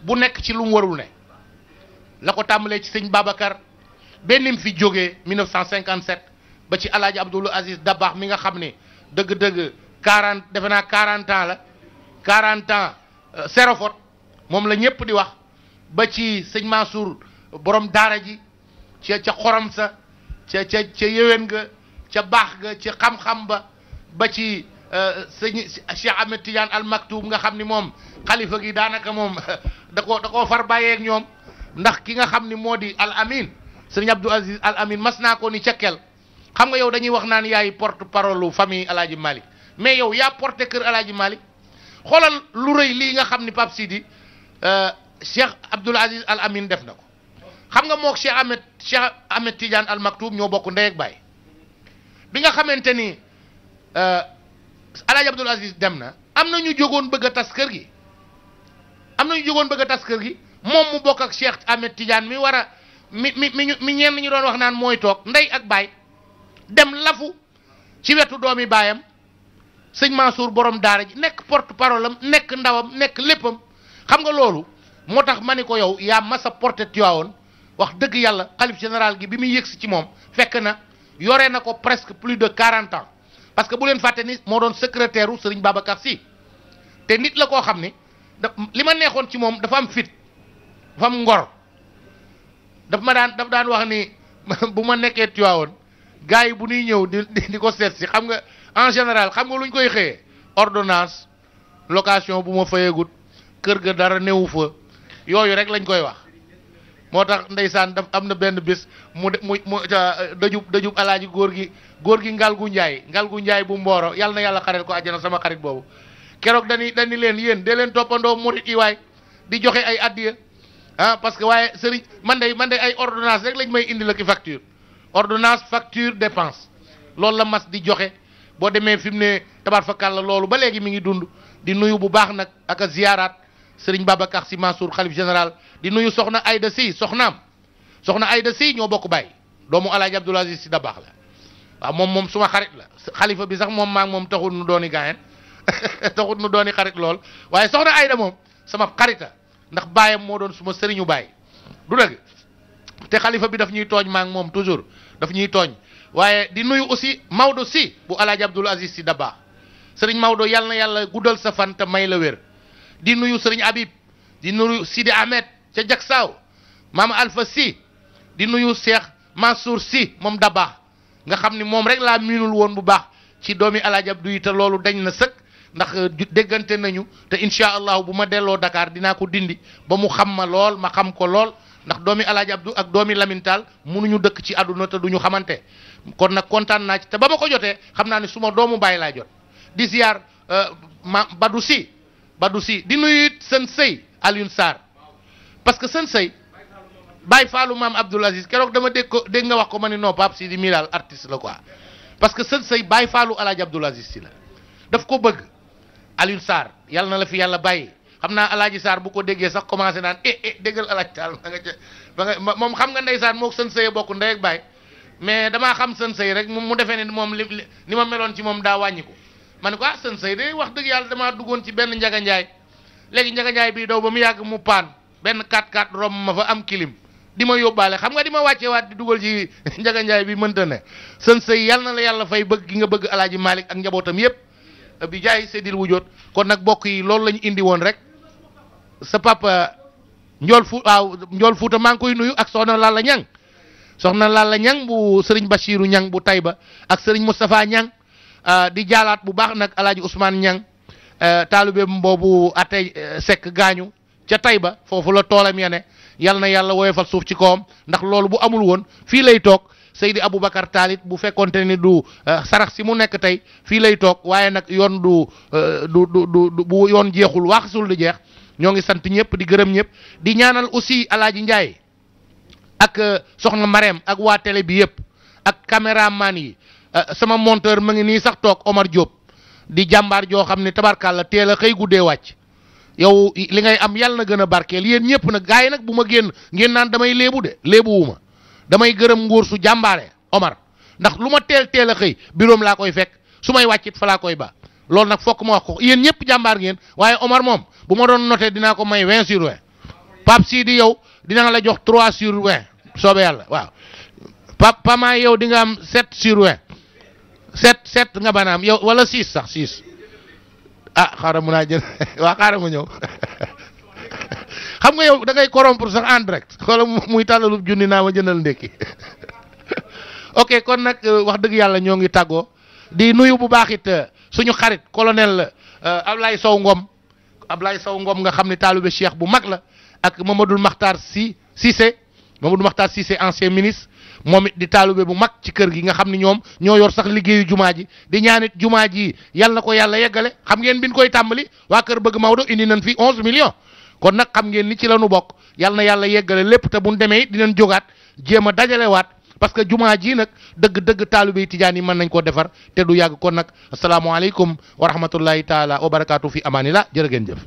bu nekk ci lu mu warul ne la ko tàmbalee ci sëñ Babacar benn fi jógee 1957 ba ci El Hadj Abdoul Aziz Dabakh mi nga xam ne dëgg-dëgg 40 defe naa 40 ans la zéro euh, moom la ñëpp di wax ba ci sëñ Mansour borom daara ji ca ca xorom sa ca ca ca yéwén ga ca baax ga ca xam-xam ba ba ci euh, sëñ Cheikh Ahmed Tidiane Al Maktoum nga xam ni moom xalifa gi daanaka moom da koo da far bàyyeek ñoom ndax ki nga xam ni moo di Al Amin sëñ Abdou Aziz Al Amin mas naa ko ni cekkel xam nga yow dañuy wax naan yaay porte parole famille El Hadj Malick mais yow yaa porté kër El Hadj xoolal lu rëy lii nga xam ni Pape Sidi euh, Cheikh Abdoul Aziz Al Amin def na ko xam nga mook Cheikh Ahmed Cheikh Ahmed Tidiane Al Maktoum ñoo bokk ndey ak baay bi nga xamante ni El euh, Hadj Abdoul Aziz dem na am na ñu jógoon bëgg a tas kër gi am na ñu jógoon bëgg a tas kër gi moom mu bokk ak Cheikh Ahmed Tidiane mi war a mi mi mi mi ñenn ñu doon wax naan mooy toog ndey ak baay dem lafu ci wetu doomi baayam sëñ Mansour boroom daara ji nekk porte parole am nekk ndawam nekk léppam xam nga loolu moo tax ma ni ko yow yaa masa porté Tiwaawoon wax dëgg yàlla xalif général gi bi muy yëgsi ci moom fekk na yore na ko presque plus de quarante ans parce que bu leen fàtte ni moo doon secrétaire u Sëriñ Babacar Sy te nit la koo xam ni da li ma neexoon ci moom dafa am fit dafa am ngor daf ma daan daf daan wax ni bu ma nekkee Tiwaawoon gars yi bu nuy ñëw di di ko seet en général xam nga lu ñu koy xëyee ordonnance location bu ma fayeegut kër ga dara newu fa yooyu rek lañ koy wax moo tax ndeysaan daf am na benn bés mu de mu mu dajub dajub alaaji góor gi góor gi ngal gu njaay ngal gu njaay bu mbooro yàlla na yàlla xarit ko àjjana sama xarit boobu keroog dañuy dañu leen yéen de leen toppandoo murit yi waay di joxe ay addiya ah parce que waaye sëriñ man de man de ay ordonnance rek lañ may indi la ki facture ordonnance facture dépense loolu la mas di joxe boo demee fi mu ne tabaar fakal la loolu ba léegi mi ngi dund di nuyu bu baax nag ak a ziyaaraat sëriñ Babacar Sy Mansour xalif général di nuyu soxna Ayda Sy soxnaam soxna Ayda Sy ñoo bokk bàyyi doomu alaaji Abdoul Aziz Sy Dabakh la moom moom suma xarit la xalifa bi sax moom maa moom taxul nu dooni gaayen taxul nu dooni xarit lool waaye soxna Ayda moom sama xarita ndax baayam moo doon suma sëriñu baay du dëgg te xalifa bi daf ñuy tooñ maak moom toujours daf ñuy tooñ waaye di nuyu aussi Maodo si bu alaaji Abdoul Aziz si Dabakh sëriñ Maodo yàlla na yàlla guddal sa fan te may la wér di nuyu sëriñ Habib di nuyu Sidi Ahmed ca Jaksaaw maam Alpha si di nuyu Cheikh Mansour si moom Dabakh nga xam ni moom rek laa miinul woon bu baax ci doomi alaaji Abdou yi te loolu dañ na sëkk ndax euh, déggante nañu te incha allah bu ma delloo dakaar dinaa ko dindi ba mu xam ma lool ma xam ko lool ndax doomi Alaaji Abdu ak doomi Lamintaal munuñu dëkk ci àdduna te duñu xamante kon nag kontaan naa ci te ba ma ko jotee xam naa ne su ma doomu bàyyi laa jot di ziar euh, ma Badou si Badou si di nuyu seen sëy Alioune Sarr parce que seen sëy bàyyi faalu maam Abdoul Aziz keroog dama dégg ko dégg nga wax ko ma ne non Pape Sidi mii daal artiste la quoi parce que seen sëy bàyyi faalu Alaaji Abdoul Aziz si la daf ko bëgg Alioune Sarr yàlla na la fi yàlla bàyyi. xam naa alaaji saar bu ko déggee sax commencé naan eh eh déggal alaaji Sarr nga ca moom xam nga ndeysaan moo sën sëye bokk ndey baay mais damaa xam sën sëy rek mu defee ne moom li ni ma meloon ci moom daa wàññi ko ma ko ah sën sëy de wax dëgg yàlla damaa duggoon ci benn njaga njaay léegi njaga njaay bii daw ba mu yàgg mu paan benn 4-4 romb ma fa am kilim di ma yóbbaale xam nga di ma wàcce waat di dugal ci njaga njaay bi mënta ne sën sëy yàlla na la yàlla fay bëgg gi nga bëgg alaaji Malick ak njabootam yépp bi jaay séddil wu jot kon nag bokk yi loolu la ñu indi rek sa papa njool fu waaw njool fuuta maa ngi koy nuyu ak soxna Lalla Ñang soxna Lalla Ñang bu sëriñ Bachiru Ñang bu Tayba ak sëriñ Moustapha Ñang ah, di jaalaat bu baax nag alaaji Ousmane Ñang eh, taalibeem boobu atay eh, sekk gaañu ca Tayba foofu la toolam ya ne yal na yàlla woyofal suuf ci kawam ndax loolu bu amul woon fii lay toog Seydi Aboubacar Taalit bu fekkonte ni du eh, sarax si mu nekk tey fii lay toog waaye nag yoon du du du du bu yoon jeexul waaxasul di jeex ñoo ngi sant ñëpp di gërëm ñëpp di ñaanal aussi Alaaji Njaay ak euh, soxna Marème ak waa télé bi yëpp ak caméraman yi euh, sama monteur ma ngi nii sax toog Omar Diop di jàmbaar joo xam ne tabarkàlla teel a xëy guddee wàcc yow li ngay am yàlla na gën a barkeel yéen ñëpp nag gars yi nag bu ma génn ngeen naan damay léebu de léebu ma damay gërëm nguur su jàmbaare Omar ndax lu ma teel teel a xëy biroom laa koy fekk su may wàccit fa laa koy ba loolu nag fokk ma wax ko yéen ñëpp jàmbaar ngeen waaye Omar moom bu ma doon notee dina ko may 20 sur 20 Pape Sidi yow dina la jox 3 sur 20 soobee yàlla waaw Pa Pama yow di nga am 7 sur 20 7 7 nga banaam yow wala 6 sax 6 ah xaaral mun naa jël waa xaaral ma ñëw xam nga yow dangay ngay corrompre sax en direct xoola muy tàllalub junni naa ma jëndal ndekki ok kon nag euh, wax dëgg yàlla ñoo ngi tàggoo di nuyu bu baax euh, suñu xarit colonel euh, Ablaye Sow Ngom Ablaye Sow Ngom nga xam ne taalube cheikh bu mag la ak Mamadou Makhtar si Cissé Mamadou Makhtar Cissé ancien ministre moom it di taalibe bu mag ci kër gi nga xam ne ñoom ñoo yor sax liggéeyu jumaa ji di ñaanit jumaa ji yal na ko yàlla yeggale xam ngeen bin koy tàmbali waa kër bëgg Maodo indi nañ fi onze million kon nag xam ngeen ni ci lanu bokk yal na yàlla yeggale lépp te bu ñu demee it dinañ jógaat jéem a dajalewaat parce que jumaa ji nag dëgg-dëgg taalibey tijaan yi mën nañ koo defar te du yàgg kon nag asalaamaaleykum wa rahmatullahi taala wa barakaatu fi amaanillah jërë ngeen jëf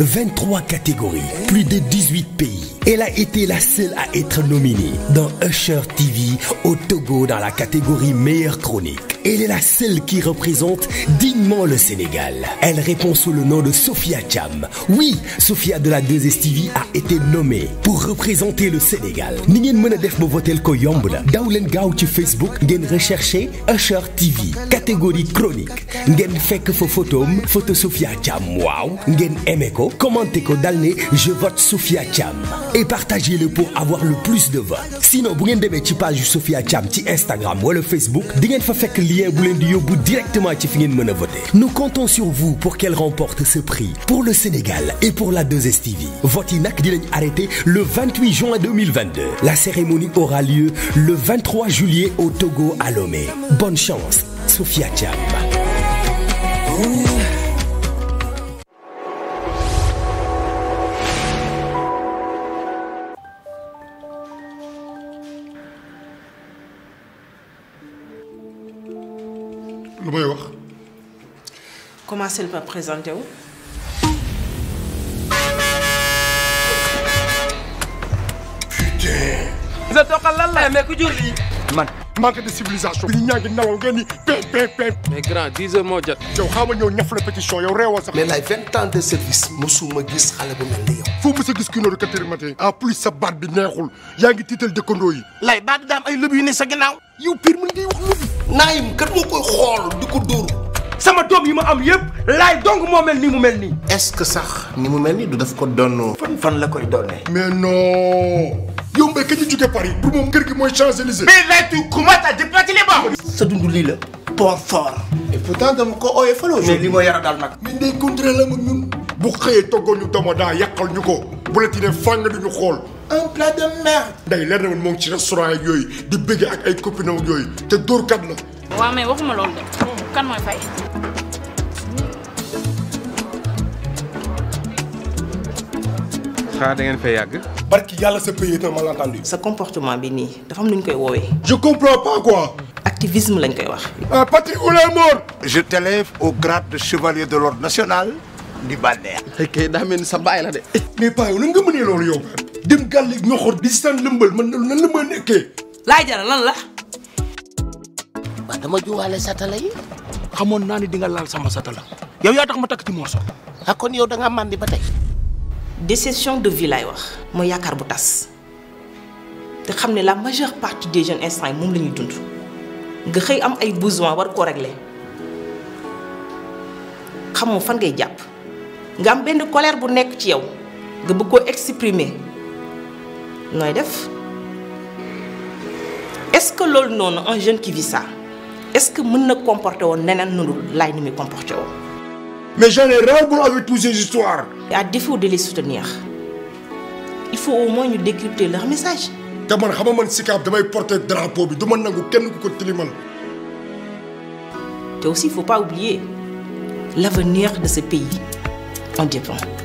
23 catégories, plus de 18 pays. Elle a été la seule à être nominée dans Usher TV au Togo dans la catégorie meilleure Elle est la seule qui représente dignement le Sénégal. Elle répond sous le nom de Sophia Cham. Oui, Sophia de la 2STV a été nommée pour représenter le Sénégal. Ni ngeen mën a def ba voteel ko yomb la daw leen gaaw ci Facebook ngeen recherché Usher TV catégorie chronique ngeen fekk fa photom photo Sophia Cham waaw gen aimé ko commenté ko dal ne je vote Sophia Cham et partagez-le pour avoir le plus de votes sinon bu ngeen demee ci page Sophia Cham ci Instagram wala Facebook lien bu leen di yóbbu directement ci fi ngeen mën a voter nous comptons sur vous pour qu'elle remporte ce prix pour le Sénégal et pour la 2STV vote yi nag dinañ arrêté le 28 juin 2022 la cérémonie aura lieu le 23 juillet au Togo à Lomé bonne chance Sophia Thiam Ouma Selpa présenté wu. putain. sa toqal lan la ku jur lii. man. manque de civilisation. li ñaa ngi nalaw ngeen ni pep pep pep. mais moo jot. yow xaaral ma ñëw la pétition yow réewoo sax. mais lay vingt ans de service mosuma gis xale bu mel ni yow. foo mos a gis kii noonu quatre heures matin. en plus sa baat bi neexul yaa ngi tiital dëkkandoo yi. lay baat daam ay lëb yu ne sa ginnaaw. yow pire mën ngay wax lëb. naayim kat koy xool di ko dóoru. sama doom yi ma am yëpp laay donc moo mel ni mu mel ni est-ce que sax ni mu mel ni du def ko doon. fan fan la koy doonee. mais non. yow mbay kañ ñu jógee Paris. pour moom kër gi mooy Champs-Élysées. mais là tu commences à déplacer les bambes. sa dund lii la. point fort. et pourtant dama ko ooyee faloo. mais li ma yara daal nag. mais ndey contré la mag ñun. bu xëyee toggoo ñu damadaa yàqal ñu ko. bu la tiinee fàng duñu xool. un plat de na woon moo ngi ci restaurant yooyu di ak ay yooyu te dóorkat la. waaw kan mooy fay. xanaa da ngeen fay yàgg. barki yàlla sa pays est un malentendu. sa comportement bi nii dafa am lu ñu koy woowee. je comprends pas quoi. activisme lañ koy wax. ah parti ou la mort. je t'élève au grade de chevalier de l'ordre national di bànneex. ok daa mel ni sa baay la de. mais paa yow nan nga mënee loolu yow. dem gàllankoor ñoxor di saan lëmbal man nan la ma nekkee. laay jara lan la. waaw dama juwaale satala yi. xamoon naa ni di laal sama satala yow yaa tax ma takk ci morso. ah kon yow da ngaa màndi ba tey. déception de vie laay wax. mooy yaakaar bu tas te xam ne la majeure partie des jeune instants yi moom la ñuy dund nga xëy am ay besoin war koo régler xamoo fan ngay jàpp nga am benn colère bu nekk ci yow nga bëgg koo exprimer nooy def est-ce que loolu noonu un jeune qui vit est que mën na comporter woon neneen nunu laay ni muy comporter woon. mais j'en ai ras-le-bol avec toutes ces histoires. à défaut de les soutenir il faut au moins ñu décrypter leur message. te man xam nga man Sicap damay porter drapeau bi du nangu kenn ku ko tilimal. te aussi il faut pas oublier l'avenir de ce pays en dépend.